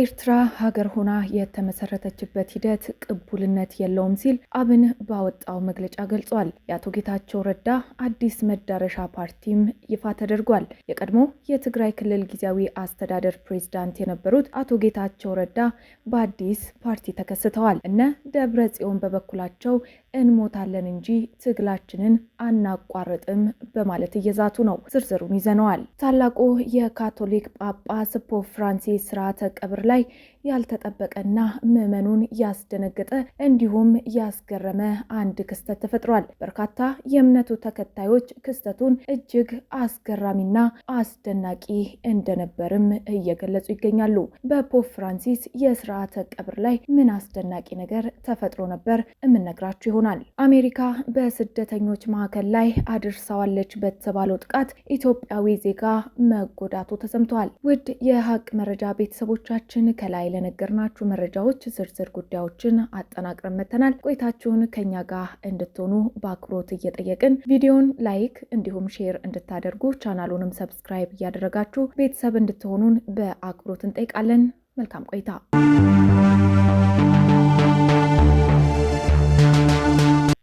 ኤርትራ ሀገር ሆና የተመሰረተችበት ሂደት ቅቡልነት የለውም ሲል አብን ባወጣው መግለጫ ገልጿል። የአቶ ጌታቸው ረዳ አዲስ መዳረሻ ፓርቲም ይፋ ተደርጓል። የቀድሞ የትግራይ ክልል ጊዜያዊ አስተዳደር ፕሬዝዳንት የነበሩት አቶ ጌታቸው ረዳ በአዲስ ፓርቲ ተከስተዋል። እነ ደብረ ጽዮን በበኩላቸው እንሞታለን እንጂ ትግላችንን አናቋርጥም በማለት እየዛቱ ነው። ዝርዝሩን ይዘነዋል። ታላቁ የካቶሊክ ጳጳስ ፖፕ ፍራንሲስ ስርዓተ ቀብር ላይ ያልተጠበቀና ምዕመኑን ያስደነገጠ እንዲሁም ያስገረመ አንድ ክስተት ተፈጥሯል። በርካታ የእምነቱ ተከታዮች ክስተቱን እጅግ አስገራሚና አስደናቂ እንደነበርም እየገለጹ ይገኛሉ። በፖፕ ፍራንሲስ የስርዓተ ቀብር ላይ ምን አስደናቂ ነገር ተፈጥሮ ነበር የምነግራችሁ ይሆናል። አሜሪካ በስደተኞች ማዕከል ላይ አድርሰዋለች በተባለው ጥቃት ኢትዮጵያዊ ዜጋ መጎዳቱ ተሰምተዋል። ውድ የሀቅ መረጃ ቤተሰቦቻችን ከላይ ለነገርናችሁ መረጃዎች ዝርዝር ጉዳዮችን አጠናቅረን መተናል። ቆይታችሁን ከኛ ጋር እንድትሆኑ በአክብሮት እየጠየቅን ቪዲዮን ላይክ እንዲሁም ሼር እንድታደርጉ ቻናሉንም ሰብስክራይብ እያደረጋችሁ ቤተሰብ እንድትሆኑን በአክብሮት እንጠይቃለን። መልካም ቆይታ።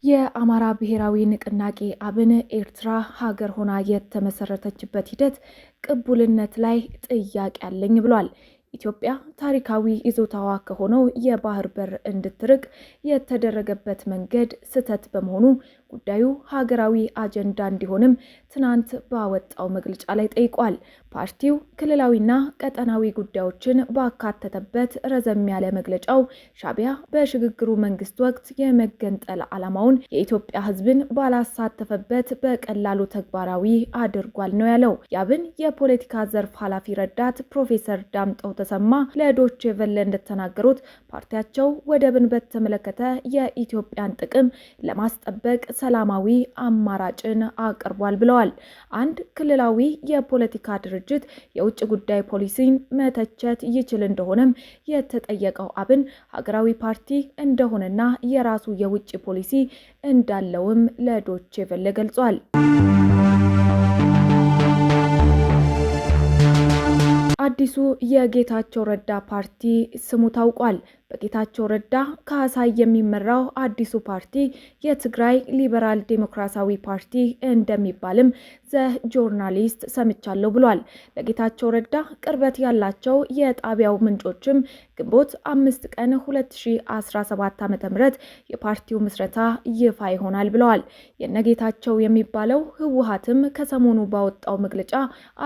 የአማራ ብሔራዊ ንቅናቄ አብን ኤርትራ ሀገር ሆና የተመሰረተችበት ሂደት ቅቡልነት ላይ ጥያቄ አለኝ ብሏል። ኢትዮጵያ ታሪካዊ ይዞታዋ ከሆነው የባህር በር እንድትርቅ የተደረገበት መንገድ ስህተት በመሆኑ ጉዳዩ ሀገራዊ አጀንዳ እንዲሆንም ትናንት ባወጣው መግለጫ ላይ ጠይቋል። ፓርቲው ክልላዊና ቀጠናዊ ጉዳዮችን ባካተተበት ረዘም ያለ መግለጫው ሻቢያ በሽግግሩ መንግስት ወቅት የመገንጠል ዓላማውን የኢትዮጵያ ሕዝብን ባላሳተፈበት በቀላሉ ተግባራዊ አድርጓል ነው ያለው። የአብን የፖለቲካ ዘርፍ ኃላፊ ረዳት ፕሮፌሰር ዳምጠው ተሰማ ለዶቼ ቬለ እንደተናገሩት ፓርቲያቸው ወደብን በተመለከተ የኢትዮጵያን ጥቅም ለማስጠበቅ ሰላማዊ አማራጭን አቅርቧል ብለዋል። አንድ ክልላዊ የፖለቲካ ድርጅት የውጭ ጉዳይ ፖሊሲን መተቸት ይችል እንደሆነም የተጠየቀው አብን ሀገራዊ ፓርቲ እንደሆነና የራሱ የውጭ ፖሊሲ እንዳለውም ለዶቼ ቬለ ገልጿል። አዲሱ የጌታቸው ረዳ ፓርቲ ስሙ ታውቋል። በጌታቸው ረዳ ካሳይ የሚመራው አዲሱ ፓርቲ የትግራይ ሊበራል ዴሞክራሲያዊ ፓርቲ እንደሚባልም ዘ ጆርናሊስት ሰምቻለሁ ብሏል። ለጌታቸው ረዳ ቅርበት ያላቸው የጣቢያው ምንጮችም ግንቦት አምስት ቀን 2017 ዓ ም የፓርቲው ምስረታ ይፋ ይሆናል ብለዋል። የነጌታቸው የሚባለው ህወሀትም ከሰሞኑ ባወጣው መግለጫ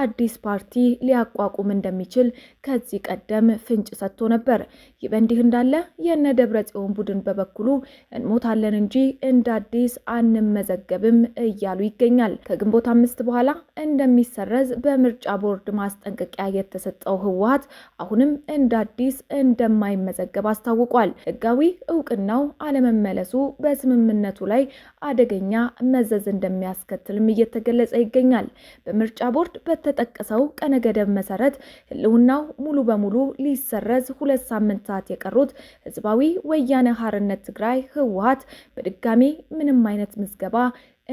አዲስ ፓርቲ ሊያቋቁም እንደሚችል ከዚህ ቀደም ፍንጭ ሰጥቶ ነበር። ይህ በእንዲህ እንዳለ የነ ደብረ ጽዮን ቡድን በበኩሉ እንሞታለን እንጂ እንደ አዲስ አንመዘገብም እያሉ ይገኛል። ከግንቦት አምስት በኋላ እንደሚሰረዝ በምርጫ ቦርድ ማስጠንቀቂያ የተሰጠው ህወሀት አሁንም እንደ አዲስ እንደማይመዘገብ አስታውቋል። ህጋዊ እውቅናው አለመመለሱ በስምምነቱ ላይ አደገኛ መዘዝ እንደሚያስከትልም እየተገለጸ ይገኛል። በምርጫ ቦርድ በተጠቀሰው ቀነገደብ መሰረት ህልውናው ሙሉ በሙሉ ሊሰረዝ ሁለት ሳምንታት የቀሩት የጀመሩት ህዝባዊ ወያነ ሀርነት ትግራይ ህወሀት በድጋሚ ምንም አይነት ምዝገባ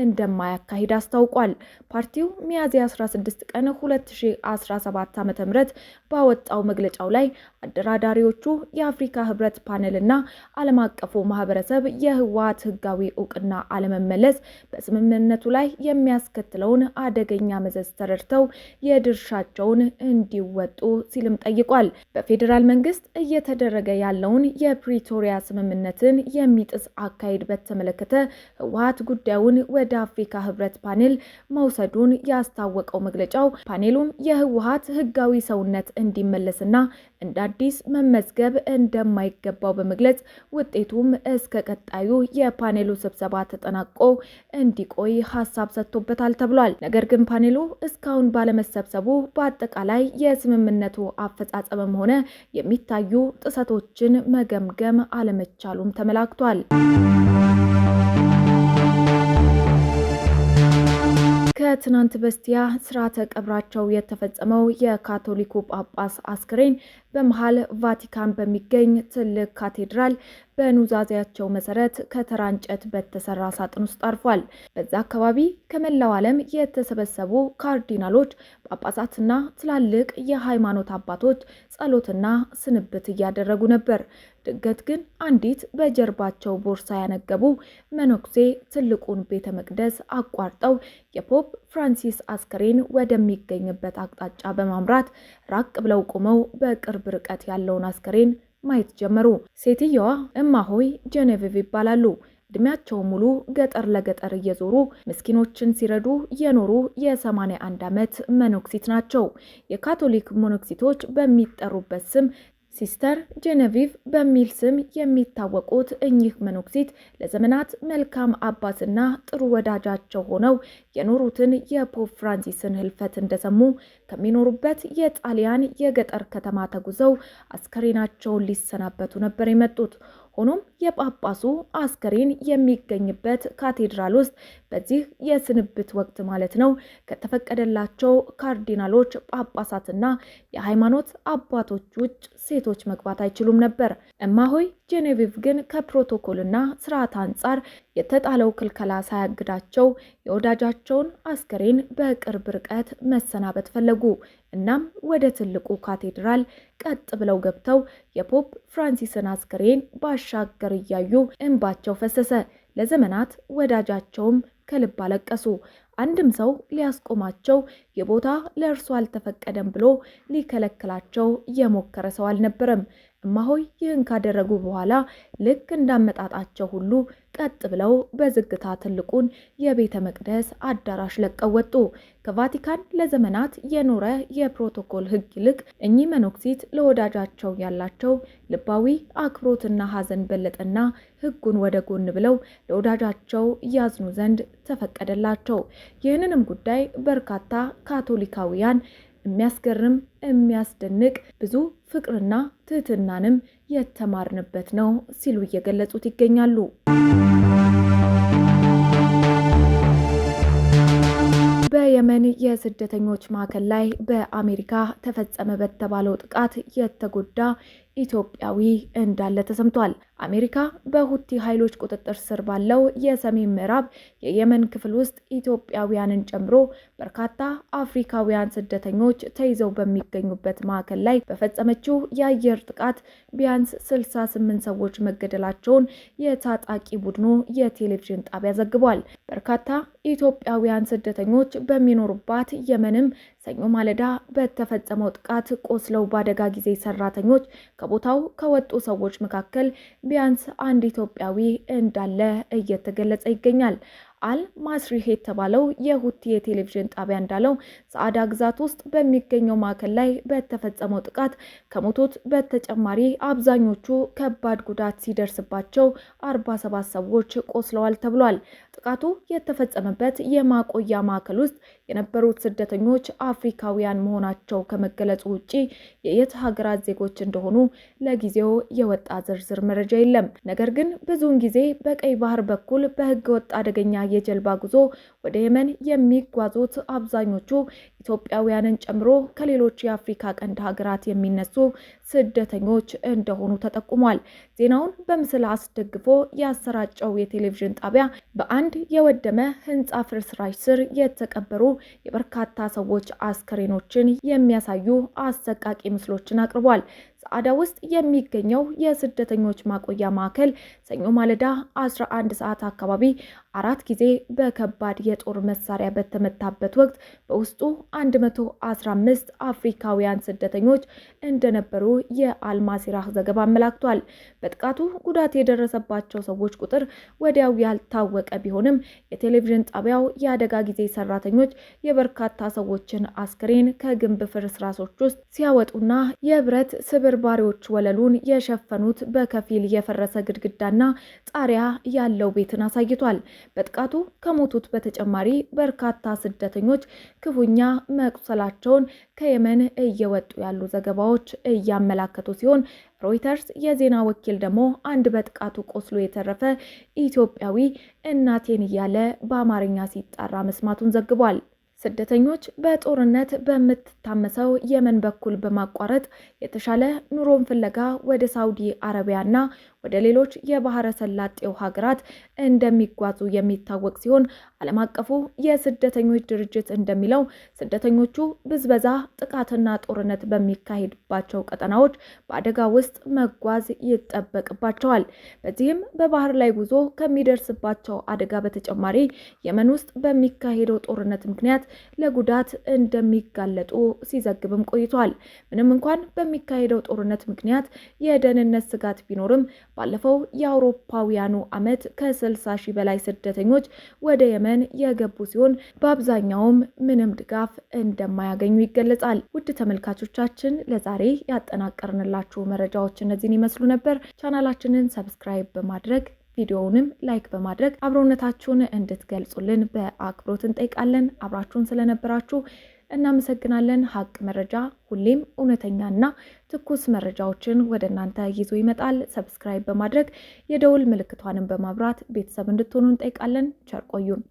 እንደማያካሂድ አስታውቋል። ፓርቲው ሚያዝያ 16 ቀን 2017 ዓ.ም ባወጣው መግለጫው ላይ አደራዳሪዎቹ የአፍሪካ ህብረት ፓነልና ዓለም አቀፉ ማህበረሰብ የህወሓት ህጋዊ እውቅና አለመመለስ በስምምነቱ ላይ የሚያስከትለውን አደገኛ መዘዝ ተረድተው የድርሻቸውን እንዲወጡ ሲልም ጠይቋል። በፌዴራል መንግስት እየተደረገ ያለውን የፕሪቶሪያ ስምምነትን የሚጥስ አካሄድ በተመለከተ ህወሓት ጉዳዩን ወደ አፍሪካ ህብረት ፓኔል መውሰዱን ያስታወቀው መግለጫው ፓኔሉም የህወሀት ህጋዊ ሰውነት እንዲመለስና እንደ አዲስ መመዝገብ እንደማይገባው በመግለጽ ውጤቱም እስከ ቀጣዩ የፓኔሉ ስብሰባ ተጠናቆ እንዲቆይ ሀሳብ ሰጥቶበታል ተብሏል። ነገር ግን ፓኔሉ እስካሁን ባለመሰብሰቡ በአጠቃላይ የስምምነቱ አፈጻጸምም ሆነ የሚታዩ ጥሰቶችን መገምገም አለመቻሉም ተመላክቷል። ከትናንት በስቲያ ስርዓተ ቀብራቸው የተፈጸመው የካቶሊኩ ጳጳስ አስክሬን በመሃል ቫቲካን በሚገኝ ትልቅ ካቴድራል በኑዛዜያቸው መሰረት ከተራ እንጨት በተሰራ ሳጥን ውስጥ አርፏል። በዛ አካባቢ ከመላው ዓለም የተሰበሰቡ ካርዲናሎች፣ ጳጳሳትና ትላልቅ የሃይማኖት አባቶች ጸሎትና ስንብት እያደረጉ ነበር። ድንገት ግን አንዲት በጀርባቸው ቦርሳ ያነገቡ መነኩሴ ትልቁን ቤተ መቅደስ አቋርጠው የፖፕ ፍራንሲስ አስከሬን ወደሚገኝበት አቅጣጫ በማምራት ራቅ ብለው ቆመው በቅርብ ቅርብ ርቀት ያለውን አስከሬን ማየት ጀመሩ። ሴትየዋ እማሆይ ጀነቪቭ ይባላሉ። እድሜያቸው ሙሉ ገጠር ለገጠር እየዞሩ ምስኪኖችን ሲረዱ የኖሩ የ81 ዓመት መኖክሲት ናቸው። የካቶሊክ መኖክሲቶች በሚጠሩበት ስም ሲስተር ጄነቪቭ በሚል ስም የሚታወቁት እኚህ መኖክሲት ለዘመናት መልካም አባትና ጥሩ ወዳጃቸው ሆነው የኖሩትን የፖፕ ፍራንሲስን ሕልፈት እንደሰሙ ከሚኖሩበት የጣሊያን የገጠር ከተማ ተጉዘው አስከሬናቸውን ሊሰናበቱ ነበር የመጡት። ሆኖም የጳጳሱ አስከሬን የሚገኝበት ካቴድራል ውስጥ በዚህ የስንብት ወቅት ማለት ነው ከተፈቀደላቸው ካርዲናሎች ጳጳሳትና የሃይማኖት አባቶች ውጭ ሴቶች መግባት አይችሉም ነበር። እማሆይ ጄኔቪቭ ግን ከፕሮቶኮልና ስርዓት አንጻር የተጣለው ክልከላ ሳያግዳቸው የወዳጃቸውን አስከሬን በቅርብ ርቀት መሰናበት ፈለጉ። እናም ወደ ትልቁ ካቴድራል ቀጥ ብለው ገብተው የፖፕ ፍራንሲስን አስከሬን ባሻገር እያዩ እንባቸው ፈሰሰ። ለዘመናት ወዳጃቸውም ከልብ አለቀሱ። አንድም ሰው ሊያስቆማቸው የቦታ ለእርሱ አልተፈቀደም ብሎ ሊከለክላቸው የሞከረ ሰው አልነበረም። እማሆይ ይህን ካደረጉ በኋላ ልክ እንዳመጣጣቸው ሁሉ ቀጥ ብለው በዝግታ ትልቁን የቤተ መቅደስ አዳራሽ ለቀው ወጡ። ከቫቲካን ለዘመናት የኖረ የፕሮቶኮል ሕግ ይልቅ እኚህ መኖክሲት ለወዳጃቸው ያላቸው ልባዊ አክብሮትና ሐዘን በለጠና ሕጉን ወደ ጎን ብለው ለወዳጃቸው ያዝኑ ዘንድ ተፈቀደላቸው። ይህንንም ጉዳይ በርካታ ካቶሊካውያን የሚያስገርም የሚያስደንቅ ብዙ ፍቅርና ትህትናንም የተማርንበት ነው ሲሉ እየገለጹት ይገኛሉ። በየመን የስደተኞች ማዕከል ላይ በአሜሪካ ተፈጸመ በተባለው ጥቃት የተጎዳ ኢትዮጵያዊ እንዳለ ተሰምቷል። አሜሪካ በሁቲ ኃይሎች ቁጥጥር ስር ባለው የሰሜን ምዕራብ የየመን ክፍል ውስጥ ኢትዮጵያውያንን ጨምሮ በርካታ አፍሪካውያን ስደተኞች ተይዘው በሚገኙበት ማዕከል ላይ በፈጸመችው የአየር ጥቃት ቢያንስ 68 ሰዎች መገደላቸውን የታጣቂ ቡድኑ የቴሌቪዥን ጣቢያ ዘግቧል። በርካታ ኢትዮጵያውያን ስደተኞች በሚኖሩባት የመንም ሰኞ ማለዳ በተፈጸመው ጥቃት ቆስለው በአደጋ ጊዜ ሰራተኞች ከቦታው ከወጡ ሰዎች መካከል ቢያንስ አንድ ኢትዮጵያዊ እንዳለ እየተገለጸ ይገኛል። አል ማስሪህ የተባለው የሁቲ የቴሌቪዥን ጣቢያ እንዳለው ሰአዳ ግዛት ውስጥ በሚገኘው ማዕከል ላይ በተፈጸመው ጥቃት ከሞቱት በተጨማሪ አብዛኞቹ ከባድ ጉዳት ሲደርስባቸው 47 ሰዎች ቆስለዋል ተብሏል። ጥቃቱ የተፈጸመበት የማቆያ ማዕከል ውስጥ የነበሩት ስደተኞች አፍሪካውያን መሆናቸው ከመገለጹ ውጪ የየት ሀገራት ዜጎች እንደሆኑ ለጊዜው የወጣ ዝርዝር መረጃ የለም። ነገር ግን ብዙውን ጊዜ በቀይ ባህር በኩል በህገ ወጥ አደገኛ የጀልባ ጉዞ ወደ የመን የሚጓዙት አብዛኞቹ ኢትዮጵያውያንን ጨምሮ ከሌሎች የአፍሪካ ቀንድ ሀገራት የሚነሱ ስደተኞች እንደሆኑ ተጠቁሟል። ዜናውን በምስል አስደግፎ ያሰራጨው የቴሌቪዥን ጣቢያ በአንድ የወደመ ሕንፃ ፍርስራሽ ስር የተቀበሩ የበርካታ ሰዎች አስከሬኖችን የሚያሳዩ አሰቃቂ ምስሎችን አቅርቧል። ሰዓዳ ውስጥ የሚገኘው የስደተኞች ማቆያ ማዕከል ሰኞ ማለዳ 11 ሰዓት አካባቢ አራት ጊዜ በከባድ የጦር መሳሪያ በተመታበት ወቅት በውስጡ 115 አፍሪካውያን ስደተኞች እንደነበሩ የአልማዝ ራህ ዘገባ አመላክቷል። በጥቃቱ ጉዳት የደረሰባቸው ሰዎች ቁጥር ወዲያው ያልታወቀ ቢሆንም የቴሌቪዥን ጣቢያው የአደጋ ጊዜ ሰራተኞች የበርካታ ሰዎችን አስክሬን ከግንብ ፍርስራሾች ውስጥ ሲያወጡና የብረት ስብርባሪዎች ወለሉን የሸፈኑት በከፊል የፈረሰ ግድግዳና ጣሪያ ያለው ቤትን አሳይቷል። በጥቃቱ ከሞቱት በተጨማሪ በርካታ ስደተኞች ክፉኛ መቁሰላቸውን ከየመን እየወጡ ያሉ ዘገባዎች እያመላከቱ ሲሆን ሮይተርስ የዜና ወኪል ደግሞ አንድ በጥቃቱ ቆስሎ የተረፈ ኢትዮጵያዊ እናቴን እያለ በአማርኛ ሲጣራ መስማቱን ዘግቧል። ስደተኞች በጦርነት በምትታመሰው የመን በኩል በማቋረጥ የተሻለ ኑሮን ፍለጋ ወደ ሳውዲ አረቢያና ወደ ሌሎች የባህረ ሰላጤው ሀገራት እንደሚጓዙ የሚታወቅ ሲሆን ዓለም አቀፉ የስደተኞች ድርጅት እንደሚለው ስደተኞቹ ብዝበዛ፣ ጥቃትና ጦርነት በሚካሄድባቸው ቀጠናዎች በአደጋ ውስጥ መጓዝ ይጠበቅባቸዋል። በዚህም በባህር ላይ ጉዞ ከሚደርስባቸው አደጋ በተጨማሪ የመን ውስጥ በሚካሄደው ጦርነት ምክንያት ለጉዳት እንደሚጋለጡ ሲዘግብም ቆይቷል። ምንም እንኳን በሚካሄደው ጦርነት ምክንያት የደህንነት ስጋት ቢኖርም ባለፈው የአውሮፓውያኑ ዓመት ከ60 ሺህ በላይ ስደተኞች ወደ የመን የገቡ ሲሆን በአብዛኛውም ምንም ድጋፍ እንደማያገኙ ይገለጻል። ውድ ተመልካቾቻችን ለዛሬ ያጠናቀርንላችሁ መረጃዎች እነዚህን ይመስሉ ነበር። ቻናላችንን ሰብስክራይብ በማድረግ ቪዲዮውንም ላይክ በማድረግ አብሮነታችሁን እንድትገልጹልን በአክብሮት እንጠይቃለን። አብራችሁን ስለነበራችሁ እናመሰግናለን። ሀቅ መረጃ ሁሌም እውነተኛና ትኩስ መረጃዎችን ወደ እናንተ ይዞ ይመጣል። ሰብስክራይብ በማድረግ የደውል ምልክቷንም በማብራት ቤተሰብ እንድትሆኑ እንጠይቃለን። ቸር ቆዩን።